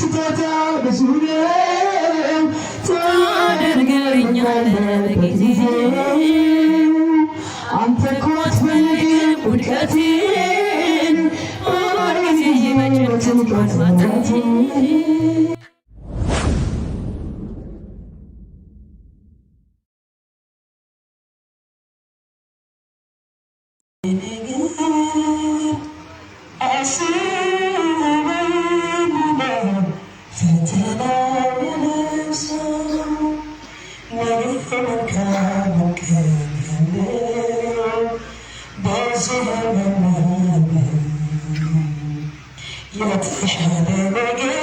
ስጦታ ብዙ ነው ታደርግልኛለህ አንተ እኮ አትፈልግም ውድቀቴን Yine titreşimde böyle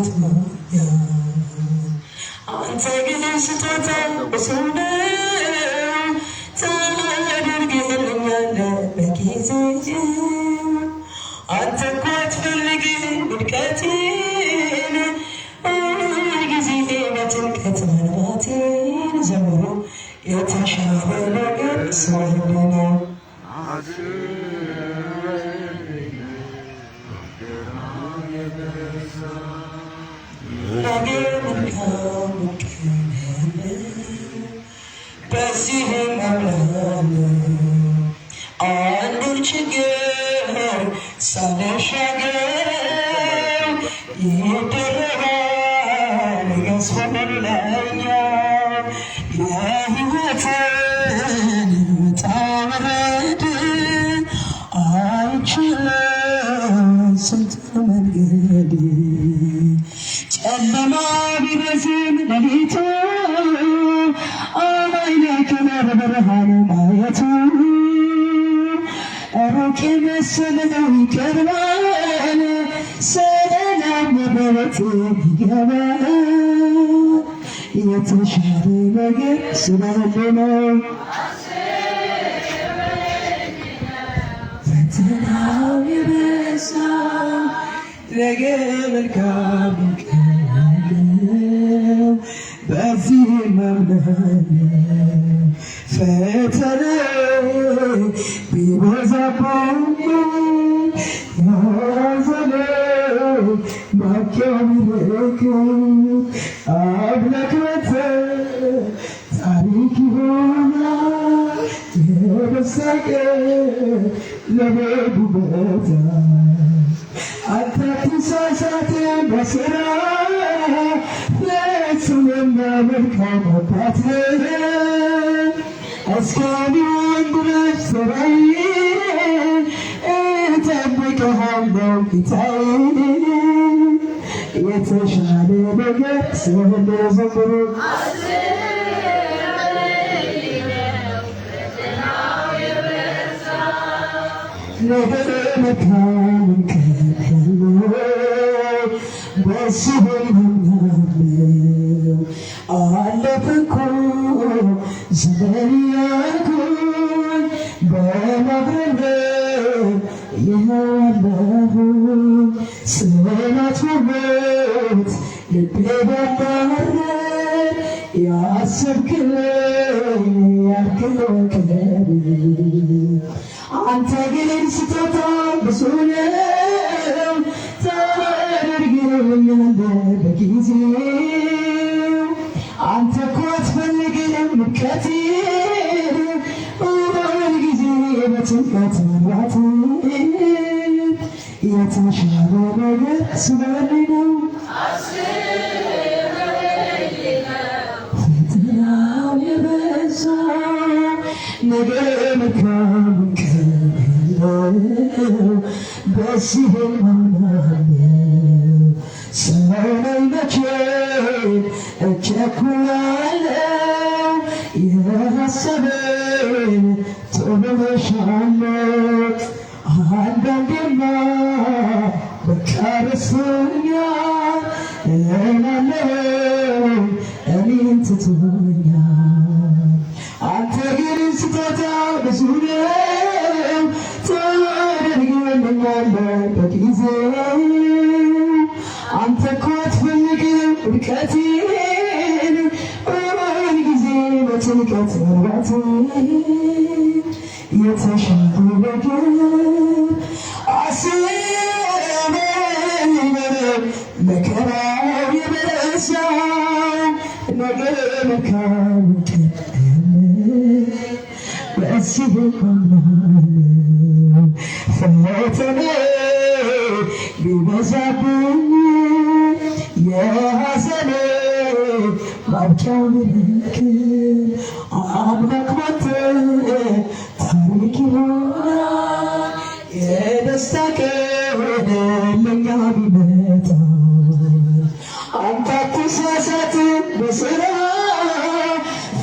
ጩኸት ነው። አንተ ጊዜ ስጦታ ስንደው ታደርግ ይዘልኛለ ችግር ሳልሻገር ውጣ ውረድ ስንት መንገድ አስበው ይቀርባል ሰላም በሕይወት ይገባል የተሻለ ነገር ስላለ ነው በዚህ ማመን ፈተና ቢበዛብኝ ያዘለ ማኪያው ቢለክ ታሪክ ይሆናል የደሳቀ ለመጉበታ አንተ አትሳሳት ሃይማኖታት እስከሚሆን ድረስ ስራዬ እጠብቅሃለሁ ጌታዬ። የተሻለ ነገር ስለ ዘምሩ ነገ መካን ከህሎ በሱ ስለያኩን በማብረለ የለሁ ጽናት ውበት ልቤ ባባረ ያሰብክለኝ ያልክለው አንተ ግን ስጦታ ብዙ ነው ታደርግልኛለህ በጊዜው አንተ በድቀት ሁል ጊዜ በጭንቀት መራት የተሻለ ነገር ስላለ ነው። ፈተናው የበዛ ነገ መልካም ቀን ነው። ጨርሶኛል እላለሁ እኔን ትቶኛል። አንተ ግን ስጦታህ ብዙ ነው ታደርግልኛለህ በጊዜው አንተ እኮ አትፈልግም ውድቀቴን በሆን ጊዜ በጭንቀት መርባቴን የተሻለ ነገር መከራው የበረሳው ነገር ቢበዛብኝ ምልክ ታሪክ ይሆናል የደስታ ቀን ስራ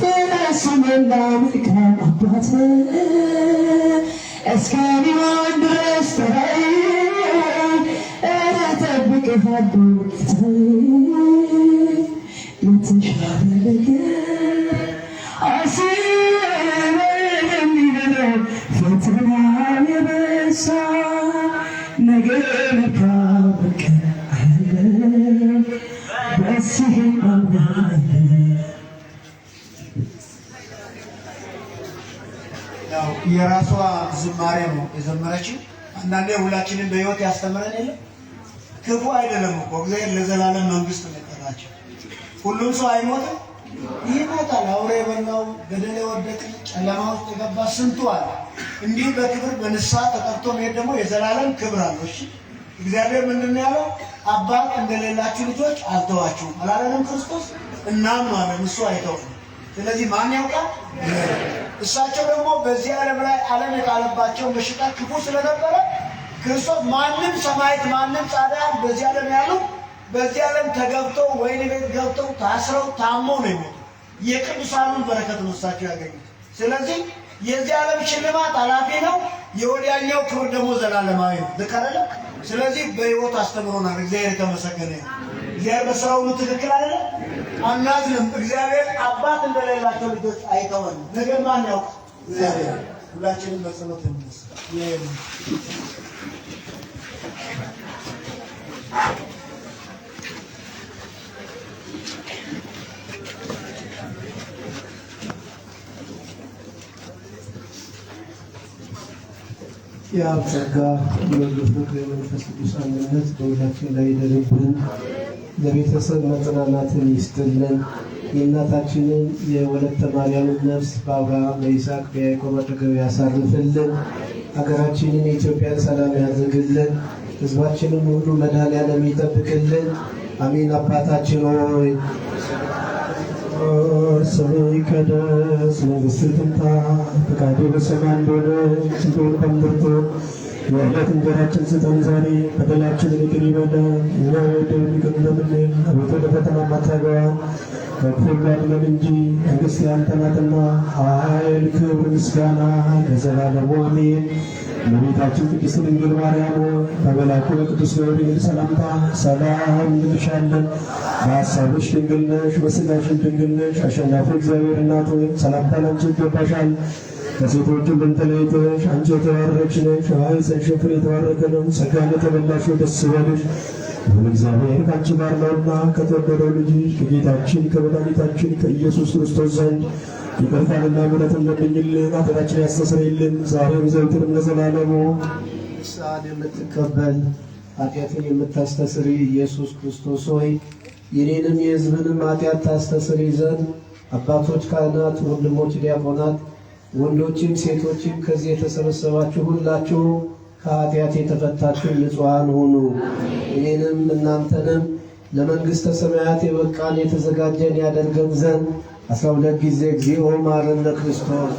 ፍረስ መላምካ አባት እስከሚሆን ድረስ ተራይ እጠብቅሃለሁ ጌታዬ የተሻለ ነገር ያው የራሷ ዝማሬ ነው የዘመረችው። አንዳንዴ ሁላችንም በህይወት ያስተምረን የለም። ክፉ አይደለም እኮ እግዚአብሔር ለዘላለም መንግስት ነው መጠራቸው። ሁሉም ሰው አይሞትም፣ ይሞታል። አውሬ የበላው ገደል የወደቀ ጨለማ ውስጥ የገባ ስንቱ አለ። እንዲህ በክብር በንስሐ ተጠርቶ መሄድ ደግሞ የዘላለም ክብር አለው። እሺ እግዚአብሔር ምንድን ነው ያለው? አባት እንደሌላችሁ ልጆች አልተዋችሁም አላለንም? ክርስቶስ እናም እናምናለን፣ እሱ አይተውም። ስለዚህ ማን ያውቃል? እሳቸው ደግሞ በዚህ ዓለም ላይ ዓለም የጣለባቸው በሽታ ክፉ ስለነበረ ክርስቶስ ማንም ሰማይት ማንም ጻድቃን በዚህ ዓለም ያሉ በዚህ ዓለም ተገብተው ወይን ቤት ገብተው ታስረው ታመው ነው የሞቱ። የቅዱሳኑን በረከት ነው እሳቸው ያገኙት። ስለዚህ የዚህ ዓለም ሽልማት አላፊ ነው፣ የወዲያኛው ክብር ደግሞ ዘላለማዊ ነው። ልክ ስለዚህ በሕይወት አስተምሮናል። እግዚአብሔር የተመሰገነ ነው። እግዚአብሔር በስራው ትክክል አይደለ? አናዝንም። እግዚአብሔር አባት እንደሌላቸው ልጆች አይተወንም። ነገ ማን ያውቅ? እግዚአብሔር ሁላችንም በጸሎት እንነሳ። የአብ ጸጋ የወልድ ፍቅር የመንፈስ ቅዱስ አንድነት በሁላችን ላይ ይደርብን። ለቤተሰብ መጽናናትን ይስጥልን። የእናታችንን የወለተ ማርያምን ነፍስ በአብርሃም በይስሐቅ በያዕቆብ አጠገብ ያሳርፍልን። ሀገራችንን የኢትዮጵያን ሰላም ያድርግልን። ሕዝባችንን ሁሉ መድኃኔዓለም ይጠብቅልን። አሜን። አባታችን ሆይ ስምህ ይቀደስ፣ መንግሥትህ ትምጣ፣ ፈቃድህ በሰማይ እንደሆነች እንዲሁም በምድር ትሁን የዕለት እንጀራችን ስጠን ዛሬ፣ በደላችንን ይቅር በለን እኛ እንደምንቅር እንደምንል፣ አቤቱ ወደ ፈተና አታግባን ከክፉ አድነን እንጂ መንግሥት ያንተ ናትና፣ ኃይል፣ ክብር፣ ምስጋና ለዘላለሙ አሜን። እመቤታችን ቅድስት ድንግል ማርያም በመልአኩ በቅዱስ ገብርኤል ሰላምታ ሰላም እንልሻለን። በሐሳብሽ ድንግል ነሽ፣ በሥጋሽም ድንግል ነሽ። አሸናፊ እግዚአብሔር እናቱ ሰላምታ ላንቺ ይገባሻል። ከሴቶቹም ብልጥልይቶች አንቺ የተባረክሽ ነሽ፣ የማኅፀንሽ ፍሬ የተባረከ ነው። ጸጋን የተመላሽ ደስ ይበልሽ፣ እግዚአብሔር ካንቺ ጋር ነውና ከተወደደው ልጅሽ ከጌታችን ከመድኃኒታችን ከኢየሱስ ክርስቶስ ዘንድ ይቅርታንና ምሕረትን ለምኝልን፣ ኃጢአታችንን ያስተሰርይልን፣ ዛሬም ዘወትርም ለዘላለሙ። ንስሐን የምትቀበል ኃጢአትን የምታስተስሪ ኢየሱስ ክርስቶስ ሆይ የኔንም የሕዝብንም ኃጢአት ታስተስሪ ዘንድ አባቶች ካህናት፣ ወንድሞች ዲያቆናት ወንዶችም ሴቶችም ከዚህ የተሰበሰባችሁ ሁላችሁ ከኃጢአት የተፈታችሁ ንጹሐን ሁኑ። እኔንም እናንተንም ለመንግሥተ ሰማያት የበቃን የተዘጋጀን ያደርገን ዘንድ አስራ ሁለት ጊዜ እግዚኦ ማረነ ክርስቶስ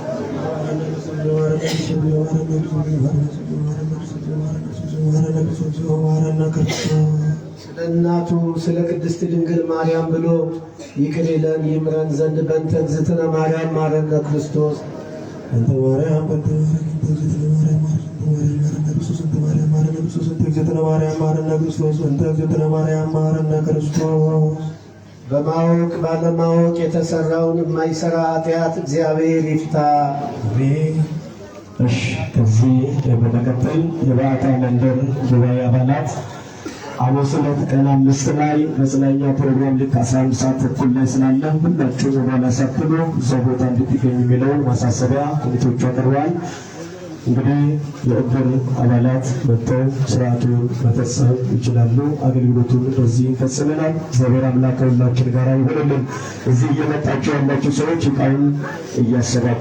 ስለ እናቱ ስለ ቅድስት ድንግል ማርያም ብሎ ይቅር ይለን ይምረን ዘንድ በእንተ እግዝእትነ ማርያም ማረነ ክርስቶስ አንተ በማወቅ ባለማወቅ የተሰራውን የማይሰራ ኃጢአት እግዚአብሔር ይፍታ። እሺ ከዚህ በመቀጠል የባዕታ መንደር ጉባኤ አባላት ሐሙስ ዕለት ቀን አምስት ላይ መጽናኛ ፕሮግራም ልክ አስራ አንድ ሰዓት ተኩል ላይ ስላለ ሁላችሁ ዘባላ ሳትሉ እዛ ቦታ እንድትገኙ የሚለውን ማሳሰቢያ ኮሚቴዎቹ አቅርበዋል። እንግዲህ የእድር አባላት መጥተው ስርዓቱን መፈጸም ይችላሉ። አገልግሎቱን በዚህ ይፈጽመናል። እግዚአብሔር አምላክ ከሁላችን ጋር ይሆንልን። እዚህ እየመጣችሁ ያላችሁ ሰዎች እቃውን እያሰባችሁ